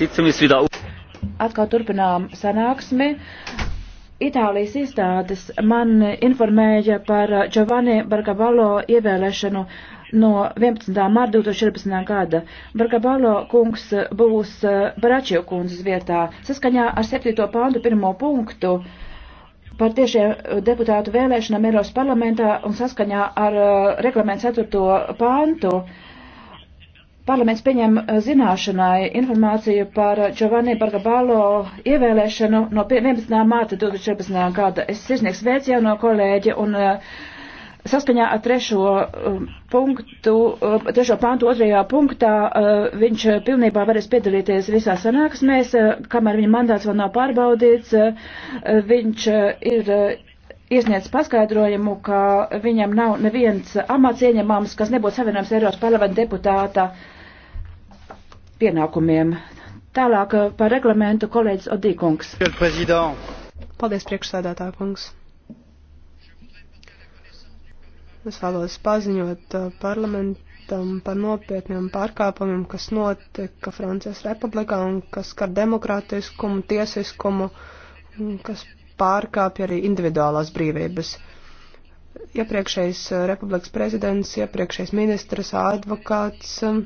Atkal turpinām sanāksmi. Itālijas izstādes man informēja par Giovanni Bargabalo ievēlēšanu no 11. marta 2014. gada. Bargabalo kungs būs eh, Baračio kundzes vietā. Saskaņā ar 7. pāntu 1. punktu par tiešiem deputātu vēlēšanām Eiropas parlamentā un saskaņā ar eh, reglamentu 4. pāntu. Parlaments pieņem eh, zināšanai informāciju par eh, Giovanni Bargabalo ievēlēšanu no 11. mārta 2014. gada. Es sirsnieks veicu jauno kolēģi un eh, saskaņā ar trešo, punktu, trešo pantu otrajā punktā viņš pilnībā varēs piedalīties visās sanāksmēs, kamēr viņa mandāts vēl nav pārbaudīts. Viņš ir iesniedz paskaidrojumu, ka viņam nav neviens amats ieņemams, kas nebūtu savienojams Eiropas parlamenta deputāta pienākumiem. Tālāk eh, par reglamentu kolēģis Odīkungs. Paldies, priekšsēdētā kungs. Es vēlos paziņot eh, parlamentam par nopietniem pārkāpumiem, kas notika Francijas republikā un kas skar demokrātiskumu, tiesiskumu, kas pārkāpja arī individuālās brīvības. Iepriekšējais eh, republikas prezidents, iepriekšējais ministrs, advokāts. Um,